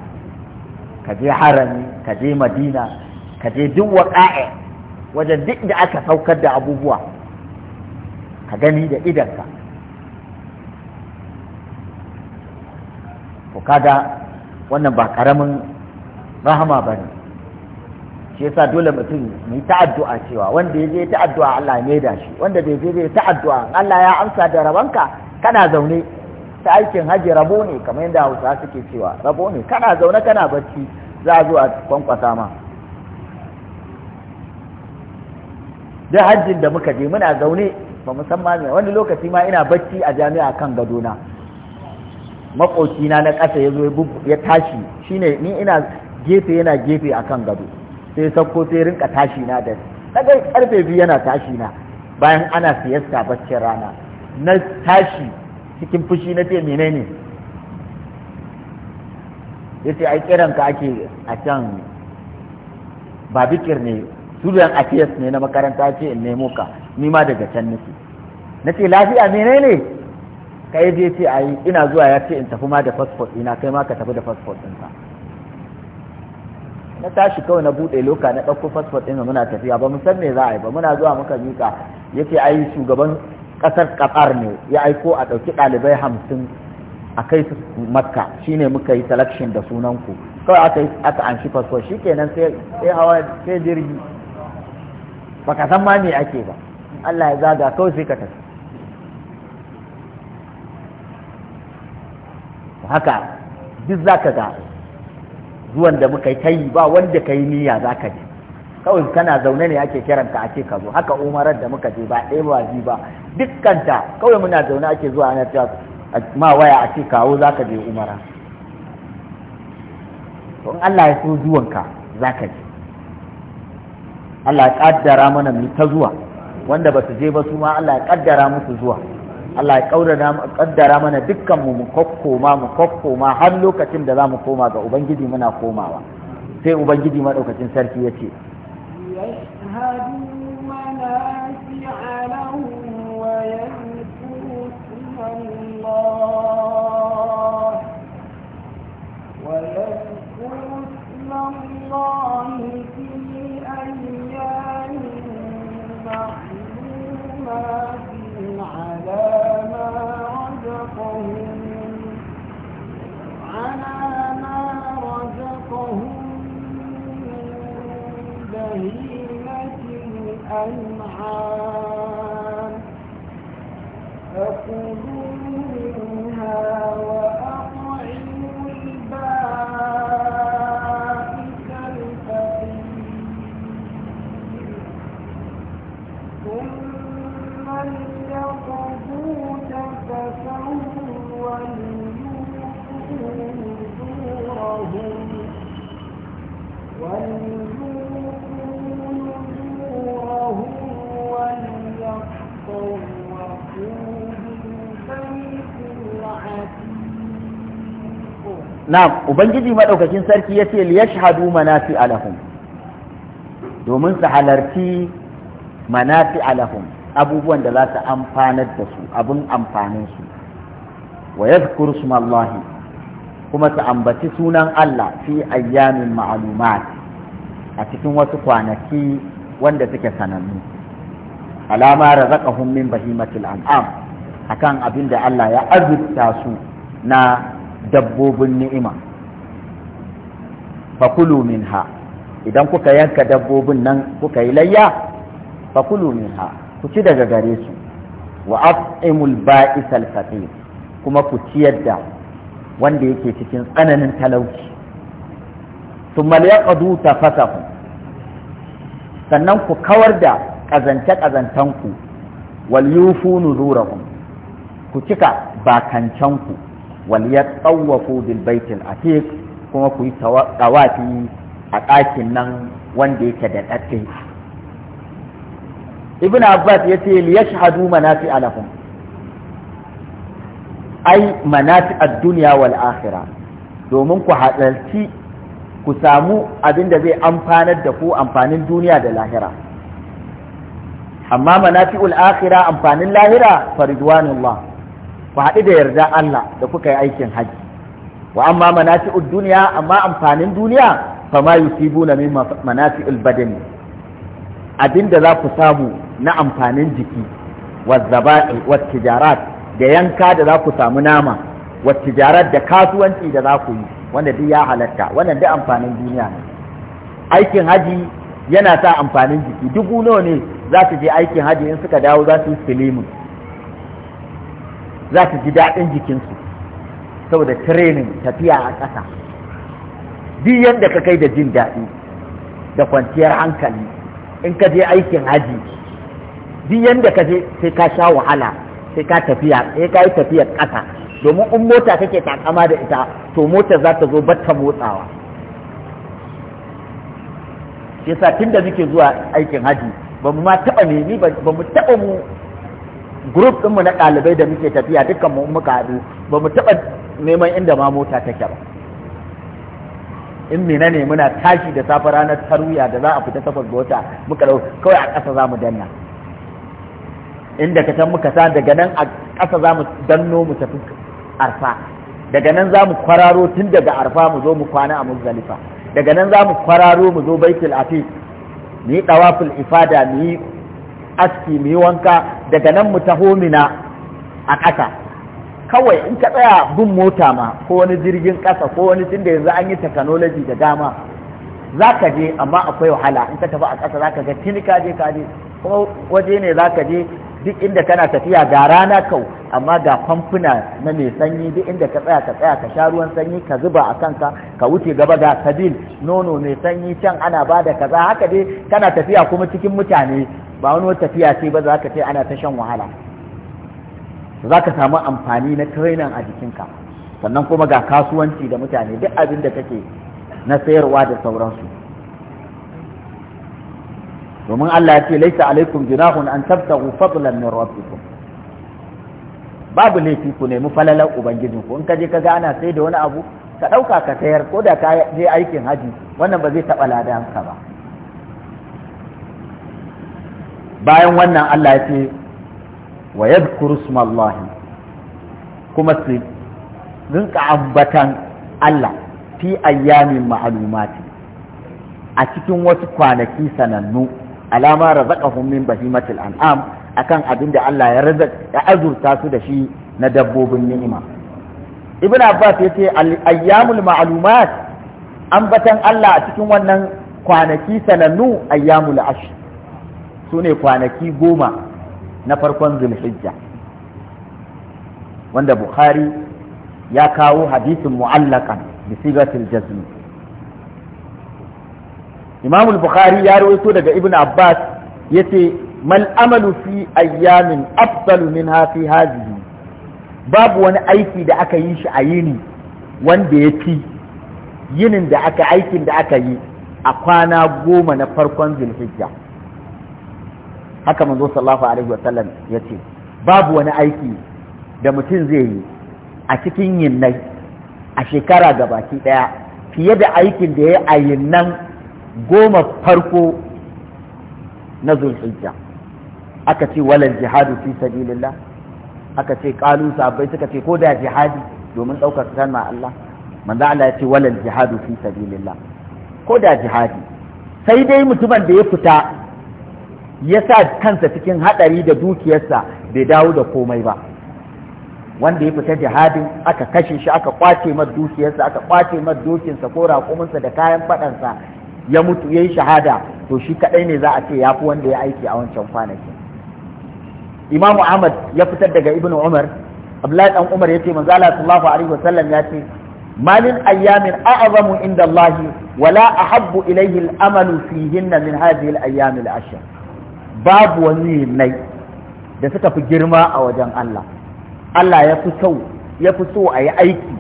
[SPEAKER 1] ka je harami ka je madina ka je duk waƙa'e wajen duk da aka saukar da abubuwa ka gani da idanka to kaga wannan ba ƙaramin rahama ba ne shi yasa dole mutum ya yi ta'addu'a cewa wanda yaje je addu'a Allah ya maida shi wanda bai je ta ta'addu'a Allah ya amsa da rabanka kana zaune ta aikin haji rabo ne kamar yadda Hausa suke cewa rabo ne kana zaune kana bacci za a zo a kwankwasa ma da hajjin da muka je muna zaune ba musamman ne wani lokaci ma ina bacci a jami'a kan gadona makocina na ƙasa ya zo ya tashi shine ni ina gefe yana gefe akan gado sai sauko sai rinka tashi na da kaga karfe biyu yana tashi na bayan ana siyasta baccin rana na tashi cikin fushi na ce menene ya ce ai kiranka ake a can ba bikir ne student affairs ne na makaranta ce in nemo ka ni ma daga can nufi na ce lafiya menene ka yi ce ina zuwa ya ce in tafi ma da fasfot ina kai ma ka tafi da fasfot ɗinka na tashi kawai na bude loka na ɗauko fasfot ɗin muna tafiya ba mu san me za a yi ba muna zuwa muka yake yace ai shugaban kasar Qatar ne ya aiko a ɗauki ɗalibai hamsin a kai su makka shine muka yi selection da sunan ku kawai aka aka an shi ke shikenan sai sai hawa sai jirgi baka san ma me ake ba Allah ya zaga kawai sai ka tafi haka duk zaka ga zuwan da muka ta yi ba wanda ka yi niyya za ka je kawai kana zaune ne ake kiranta ake ka zo haka umarar da muka je ba ɗaya ba biyu ba dukkanta kawai muna zaune ake zuwa ana cewa ma waya a ce kawo za ka je umara to in Allah ya so zuwanka za ka je Allah ya kaddara mana mu ta zuwa wanda ba su je ba su ma Allah ya kaddara musu zuwa Allah ya kaddara mana dukkan mu mu kokkoma mu kokkoma har lokacin da za mu koma ga ubangiji muna komawa sai ubangiji maɗaukacin sarki ya ce
[SPEAKER 2] الأنعام أقول na ubangiji
[SPEAKER 1] madaukakin sarki ya ce yace liyashhadu manafi alahum domin su halarci manafi alahum abubuwan da za su amfanar da su abin amfanin su wa yadhkuru smallahi kuma su ambaci sunan Allah fi ayyamin ma'lumat a cikin wasu kwanaki wanda suke sanannu alama razaqahum min bahimatil an'am akan abin da Allah ya azubta su na dabbobin ni'ima fakulu minha idan kuka yanka dabbobin nan kuka yi layya fakulu minha ku ci daga gare su wa af'imul ba'isal fatir kuma ku ciyar da wanda yake cikin tsananin talauci thumma liyaqdu tafatahum sannan ku kawar da kazance kazantanku wal yufu nuzurahum ku cika bakancanku waliyatawafu bil baitil atiq kuma ku yi tawafi a ɗakin nan wanda yake da ɗaɗɗe ibn abbas ya ce liyashhadu manafi alahum ai manafi ad-dunya wal akhirah domin ku halarci ku samu abin da zai amfanar da ku amfanin duniya da lahira amma manafi'ul akhirah amfanin lahira faridwanullah ku haɗu da yarda Allah da kuka yi aikin hajji wa amma manafi'ud duniya amma amfanin duniya fa ma na min manafi'ul badani abinda za ku samu na amfanin jiki wa zaba'i wa tijarat da yanka da za ku samu nama wa tijarat da kasuwanci da za ku yi wanda duk ya halatta wannan duk amfanin duniya ne aikin haji yana sa amfanin jiki dubu nawa ne za su je aikin haji in suka dawo za su yi silimin za su ji daɗin jikinsu saboda tirenin tafiya a ƙasa duk yadda ka kai da jin daɗi da kwanciyar hankali in ka je aikin haji duk yadda ka je sai ka sha wahala sai ka tafiya sai ka yi tafiyar ƙasa domin in mota kake takama da ita to mota za ta zo batta motsawa yasa tun da muke zuwa aikin haji ba mu ma taɓa ne ba mu taɓa mu group ɗinmu na ɗalibai da muke tafiya dukkan mu muka haɗu ba mu taɓa neman inda ma mota take ba in mina ne muna tashi da safe ranar tarwiya da za a fita takwas ga wata muka ɗau kawai a ƙasa za mu danna inda ka san muka sa daga nan a ƙasa za mu danno mu tafi arfa daga nan za mu kwararo tun daga arfa mu zo mu kwana a muzdalifa daga nan za mu kwararo mu zo baitul afiq mu yi ɗawaful ifada mu yi aski mu yi wanka daga nan mu taho mina a ƙasa kawai in ka tsaya bin mota ma ko wani jirgin ƙasa ko wani tunda yanzu an yi technology da dama za ka je amma akwai wahala in ka tafi a ƙasa za ka ga tuni ka je ka je kuma waje ne za ka je duk inda kana tafiya ga rana kau amma ga famfuna na mai sanyi duk inda ka tsaya ka tsaya ka sha ruwan sanyi ka zuba a kanka ka wuce gaba ga sabil nono mai sanyi can ana ba da kaza haka dai kana tafiya kuma cikin mutane ba wani wata tafiya ce ba za ka ce ana ta shan wahala za ka samu amfani na training a jikinka sannan kuma ga kasuwanci da mutane duk abin da kake na sayarwa da sauransu domin Allah ya ce laisa alaikum junahun an tabtahu fadlan min rabbikum babu laifi ku nemi falalar ubangijin ku in ka je ka ga ana sai da wani abu ka ɗauka ka sayar ko da ka je aikin haji wannan ba zai taɓa ka ba bayan wannan Allah ya ce wa yadhkuru smallahi kuma su rinka ambatan Allah fi ayyamin ma'lumati a cikin wasu kwanaki sanannu alama razaqahum min bahimatil an'am akan abin da Allah ya razak ya azurta su da shi na dabbobin ni'ima ibn abbas yace ayyamul ma'lumat ambatan Allah a cikin wannan kwanaki sanannu ayyamul ash sune kwanaki goma na farkon zulhijja wanda bukhari ya kawo hadisin mu'allaqan bi sigatil jazm imam bukhari ya rawaito daga ibn abbas yace mal amalu fi ayyamin afdalu ha fi hadhihi babu wani aiki da aka yi shi a yini wanda ya fi yinin da aka aikin da aka yi a kwana goma na farkon zulhijja haka manzo sallallahu alaihi sallam yace babu wani aiki da mutum zai yi a cikin yinnai a shekara gabaki daya fiye da aikin da ya yi a yinnan goma farko na zulhijja aka ce walal jihadu fi sabilillah aka ce kalu sabai suka ce ko da jihadi domin ɗaukar kalma Allah manzo Allah ya ce walal jihadu fi sabilillah ko da jihadi sai dai mutumin da ya fita ya sa kansa cikin hadari da dukiyarsa bai dawo da komai ba wanda ya fita jihadin aka kashe shi aka kwace mar dukiyarsa aka kwace mar dokinsa ko raƙuminsa da kayan faɗansa ya mutu ya yi shahada to shi kaɗai ne za a ce ya fi wanda ya aiki a wancan kwanakin imamu ahmad ya fitar daga Ibn umar abdullahi dan umar ya ce manzo Allah sallallahu alaihi wasallam ya ce malin ayyamin a'azamu inda Allah wala ahabbu ilayhi al-amalu fihinna min hadhihi al-ayyam al-ashr babu wani nai da suka fi girma a wajen Allah Allah ya fi so ya fi so a yi aiki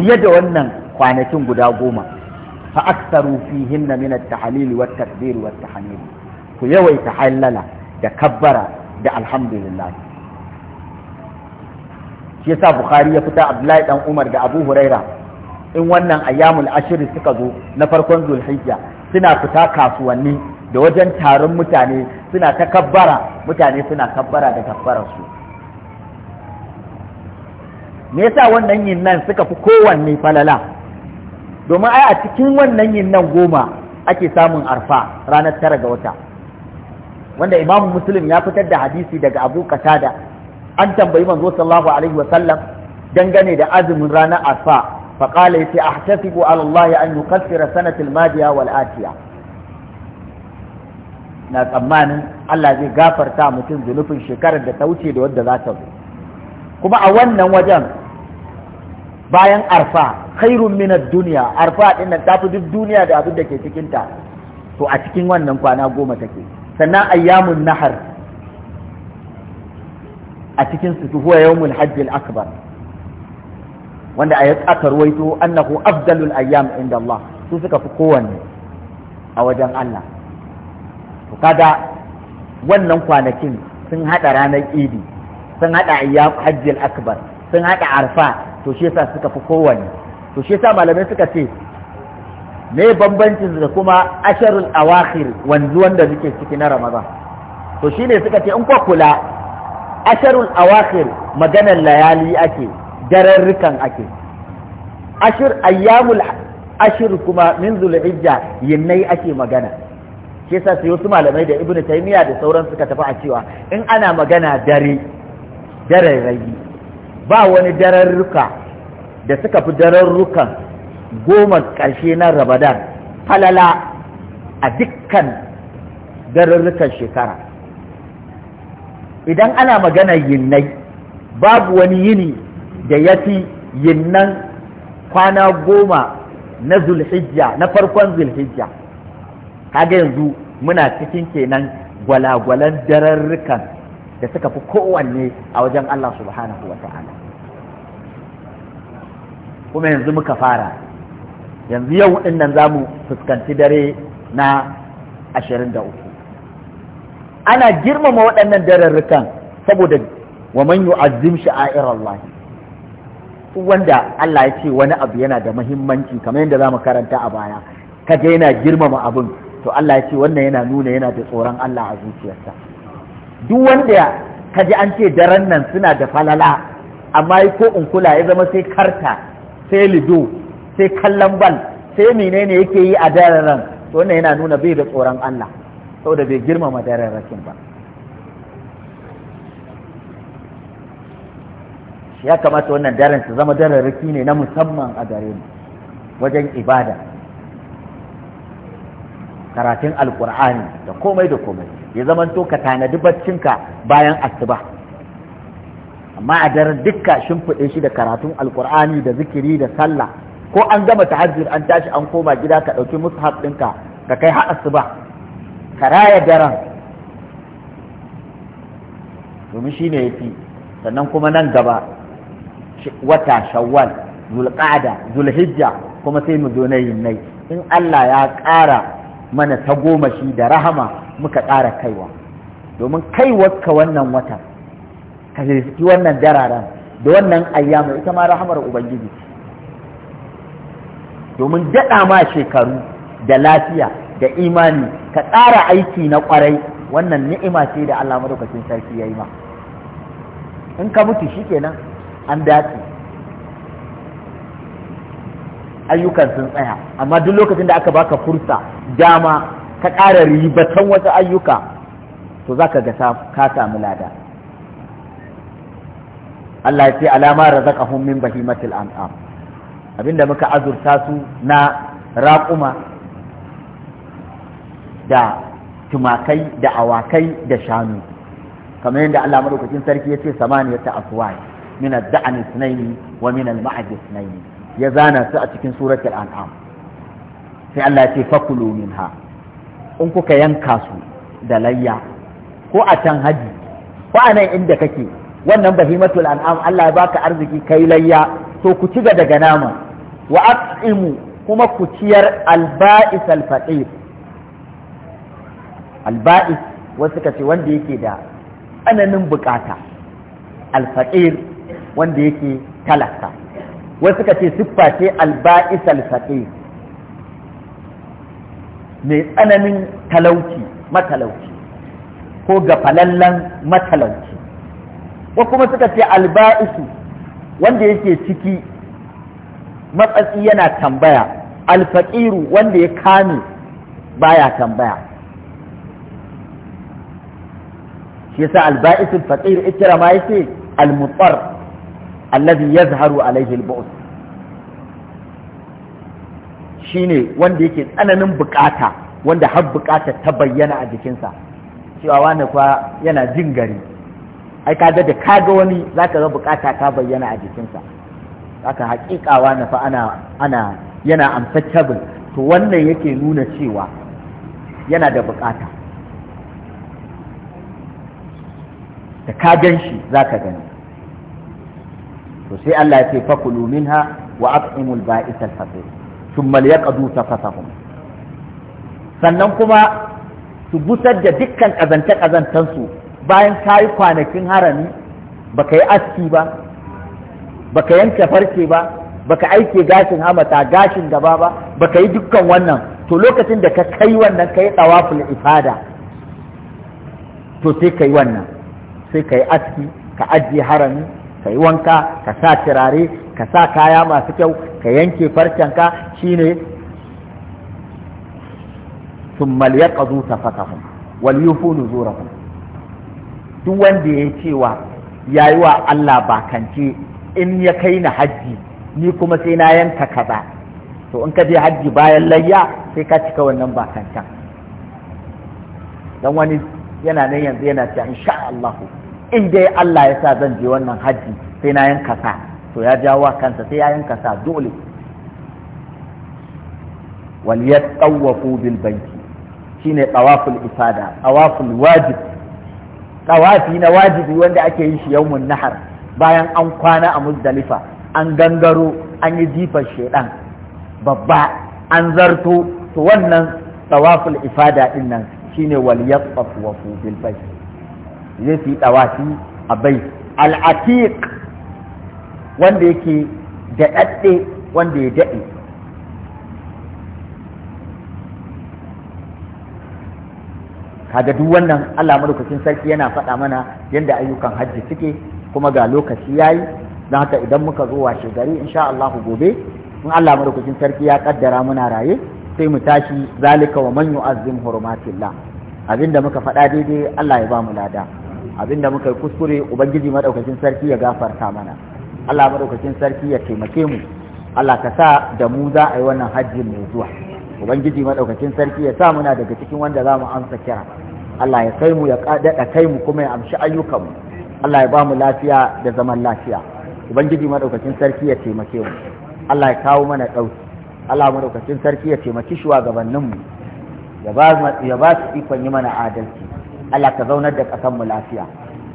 [SPEAKER 1] fiye da wannan kwanakin guda goma fa aktsaru fihinna min at-tahlil wa at-takbir wa at-tahmid ku yawaita halala da kabbara da alhamdulillah shi yasa bukhari ya fita abdullahi dan umar da abu huraira in wannan ayyamul ashiri suka zo na farkon zulhijja suna fita kasuwanni da wajen taron mutane suna ta kabbara mutane suna kabbara da kabbararsu me yasa wannan yin nan suka fi kowanne falala domin ai a cikin wannan yin nan goma ake samun arfa ranar tara ga wata wanda imamu muslim ya fitar da hadisi daga abu qatada an tambayi manzo sallallahu alaihi wa sallam dangane da azumin ranar arfa فقال يتي أحتسب على الله أن يكفر madiya الماضية والآتية na tsammanin Allah zai gafarta mutum zunufin shekarar da ta wuce da wadda za ta zo kuma a wannan wajen bayan arfa khairun min duniya arfa din nan fi duk duniya da abin da ke cikin ta to a cikin wannan kwana goma take sannan ayyamun nahar a cikin su huwa yawmul hajj akbar wanda a aka ruwaito annahu afdalul ayyam inda Allah su suka fi kowanne a wajen Allah to kada wannan kwanakin sun hada ranar idi sun hada ayyam al akbar sun hada arfa to shi yasa suka fi kowanne to shi yasa malamai suka ce me bambancin da kuma asharul awakhir wanzuwan da suke ciki na ramadan to shi ne suka ce in kwa kula asharul awakhir maganar layali ake dararrukan ake ashir ayyamul ashir kuma min zulhijja yinnai ake magana shi yasa sai wasu malamai da ibnu taymiya da sauran suka tafi a cewa in ana magana dare dare ragi ba wani dararruka da suka fi dararrukan goma ƙarshe na rabadan falala a dukkan dararrukan shekara idan ana magana yinnai babu wani yini da ya fi yinnan kwana goma na zulhijja na farkon zulhijja kaga yanzu muna cikin kenan gwalagwalan dararrukan da suka fi kowanne a wajen Allah subhanahu wa ta'ala kuma yanzu muka fara yanzu yau nan za mu fuskanci dare na ashirin da ana girmama waɗannan dararrukan saboda wa man yu'azzim sha'air Allah wanda Allah ya ce wani abu yana da mahimmanci kamar yadda zamu karanta a baya kaga yana girmama abin to Allah ya ce wannan yana nuna yana da tsoron Allah a zuciyarsa duk wanda kaji an ce daren nan suna da falala amma ko in kula ya zama sai karta sai lido sai kallon bal sai menene yake yi a daren to wannan yana nuna bai da tsoron Allah saboda bai girmama daren rakin ba ya kamata wannan daren su zama dararraki ne na musamman a gare mu wajen ibada karatun alkur'ani da komai da komai ya zama to ka tanadi baccinka bayan asuba amma a daren dukka shimfiɗe shi da karatun alkur'ani da zikiri da sallah ko an gama tahajjud an tashi an koma gida ka ɗauki musu ɗinka ka kai su ba. ka raya daren domin shi ne fi sannan kuma nan gaba wata shawwal zulƙada, zulhijja kuma sai mu zo na yinnai in Allah ya ƙara mana ta goma shi da rahama muka ƙara kaiwa domin kaiwarka wannan watan ka zirki wannan dararen da wannan ayyamu ita ma rahamar ubangiji domin daɗa ma shekaru da lafiya da imani ka tsara aiki na ƙwarai wannan ni'ima ce da Allah madaukakin sarki ya yi ma in ka mutu shi kenan an dace ayyukan sun tsaya amma duk lokacin da aka baka fursa dama ka ƙara ribatan wata ayyuka to za ka ga ka samu lada Allah ya ce alama razaqahum min bahimatil an'am abinda muka azurta su na raƙuma da tumakai da awakai da shanu kamar yadda Allah madaukakin sarki ya ce samaniya ta aswai min ad-da'an ithnaini wa min al-ma'ad ithnaini ya zana su a cikin suratul an'am sai Allah ya ce fakulu minha in kuka yanka su da layya ko a can haji ko a nan inda kake wannan bahimatul an'am Allah ya baka arziki kai layya to ku ciga daga nama wa at'imu kuma ku ciyar alba'is al alba'is wasu suka ce wanda yake da tsananin bukata al-faqir wanda yake talaka wasu suka ce siffa ce alba'is al mai tsananin talauci matalauci ko gafalallen matalauci ko kuma suka ce alba'isu wanda yake ciki matsatsi yana tambaya alfaƙiru wanda ya kame baya tambaya shi yasa alba'isu faƙir ikira ma yake almutsar allazi yazharu alaihi albu'd shine wanda yake tsananin bukata wanda har bukata ta bayyana a jikinsa cewa wani kwa yana jin gari ai kaga da kaga wani zaka ga bukata ka bayyana a jikinsa haka haƙiƙawa na fa ana yana amsachable to wannan yake nuna cewa yana da bukata da ka gan shi ka gani to sai Allah ya ce fakulu minha wa at'imul ba'is al-fakir thumma liyaqdu tafatahum sannan kuma su busar da dukkan kazanta kazantansu bayan ka yi kwanakin harami ba ka yi aski ba ba ka yanke farce ba ba ka aike gashin hamata gashin gaba ba ba ka yi dukkan wannan to lokacin da ka kai wannan ka yi tsawafin ifada to sai ka yi wannan sai ka yi aski ka ajiye harami ka yi wanka ka sa turare ka sa kaya masu kyau ka yanke farcenka shine ثم ليقضوا تفكهم وليوفوا نذورهم duk wanda ya cewa yi wa Allah bakance in ya kai ni hajji ni kuma sai na yanka kaza to in ka je hajji bayan layya sai ka cika wannan bakancan dan wani yana nan yanzu yana cewa insha Allah in dai Allah ya sa zan je wannan hajji sai na yanka sa to ya jawo kansa sai ya yanka sa dole wal yatawafu bil banki shine tawaful ifada tawaful wajib ɗawafi na wajibi wanda ake yin shi yawmun nahar bayan an kwana a muzdalifa an gangaro an yi jifar shaidan babba an zarto to wannan tawaful ifada ɗin nan shine wal yaqafu wa bil bayt zai fi ɗawafi a bai al wanda yake daɗaɗɗe wanda ya daɗe kaga duk wannan Allah madaukakin sarki yana faɗa mana yadda ayyukan hajji suke kuma ga lokaci yayi don haka idan muka zo washe gari insha Allah gobe in Allah madaukakin sarki ya kaddara muna raye sai mu tashi zalika wa man yu'azzim hurumatillah abinda muka faɗa daidai Allah ya ba mu lada abinda muka yi kuskure ubangiji madaukakin sarki ya gafarta mana Allah madaukakin sarki ya taimake mu Allah ka sa da mu za a yi wannan hajji mai zuwa ubangiji maɗaukacin sarki ya sa muna daga cikin wanda za mu amsa kira Allah ya kai mu ya daɗa kai mu kuma ya amshi ayyukanmu. Allah ya ba mu lafiya da zaman lafiya ubangiji maɗaukacin sarki ya taimake mu Allah ya kawo mana ɗauki Allah maɗaukacin sarki ya taimaki shugabanninmu ya ba su ikon yi mana adalci Allah ka zaunar da ƙasar mu lafiya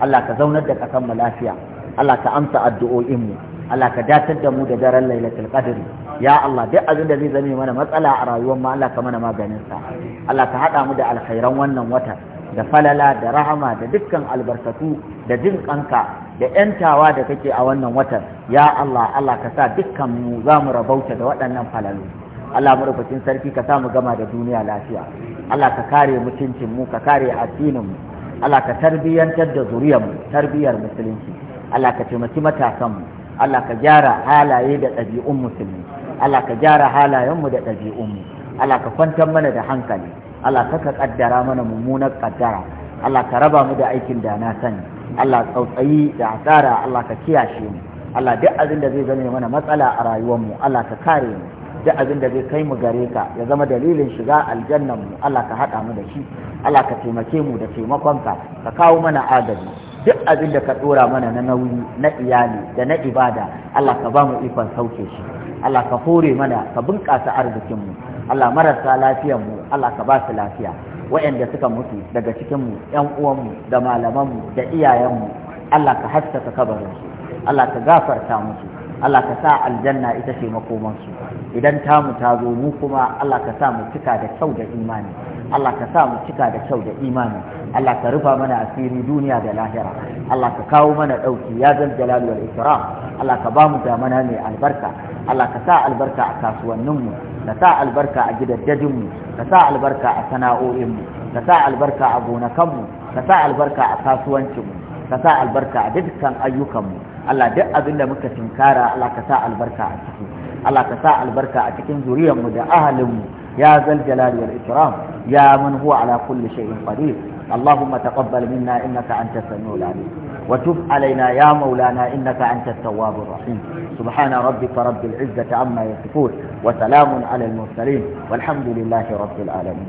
[SPEAKER 1] Allah ka zaunar da ƙasar mu lafiya Allah ka amsa addu'o'in mu Allah ka datar da mu da daren lailatul qadr ya Allah duk abin da zai zame mana matsala a rayuwar mu Allah ka mana maganinsa. sa Allah ka haɗa mu da alkhairan wannan watan da falala da rahama da dukkan albarkatu da jin kanka da yantawa da kake a wannan watan ya Allah Allah ka sa dukkan mu za mu rabauta da waɗannan falalu Allah madaukakin sarki ka sa mu gama da duniya lafiya Allah ka kare mutuncin mu ka kare addinin mu Allah ka tarbiyyantar da zuriyar mu tarbiyyar musulunci Allah ka taimaki matasan mu Allah ka gyara halaye da ɗabi'un musulmi Allah ka gyara halayen mu da ɗabi'un mu Allah ka kwantar mana da hankali Allah ka ka kaddara mana mummunar kaddara Allah ka raba mu da aikin da na sani Allah tsautsayi da asara Allah ka kiyashe mu Allah duk abin da zai zama mana matsala a rayuwar mu Allah ka kare mu duk abin da zai kai mu gare ka ya zama dalilin shiga aljannan mu Allah ka haɗa mu da shi Allah ka taimake mu da taimakonka ka kawo mana agaji duk abin da ka ɗora mana na nauyi na iyali da na ibada Allah ka ba mu ikon sauke shi Allah ka hore mana ka bunƙasa arzikinmu Allah marasa lafiyar mu Allah ka ba su lafiya waɗanda suka mutu daga cikin mu ƴan uwanmu da malamanmu da iyayenmu Allah ka haskaka kabarin su Allah ka gafarta musu Allah ka sa aljanna ita ce makomansu idan ta tamu ta zo mu kuma Allah ka sa mu cika da kyau da imani Allah ka sa mu cika da kyau da imani Allah ka rufa mana asiri duniya da lahira Allah ka kawo mana ɗauki ya zan jalali wal ikram Allah ka ba mu damana mai albarka Allah ka sa albarka a kasuwanninmu ka sa albarka a gidaddajinmu ka sa albarka a sana'o'inmu ka sa albarka a gonakanmu ka sa albarka a kasuwancinmu ka sa albarka a dukkan ayyukanmu Allah duk abin da muka tinkara Allah ka sa albarka a ciki Allah ka sa albarka a cikin mu da ahalinmu يا ذا الجلال والإكرام يا من هو على كل شيء قدير اللهم تقبل منا إنك أنت السميع العليم وتب علينا يا مولانا إنك أنت التواب الرحيم سبحان ربك رب العزة عما يصفون وسلام على المرسلين والحمد لله رب العالمين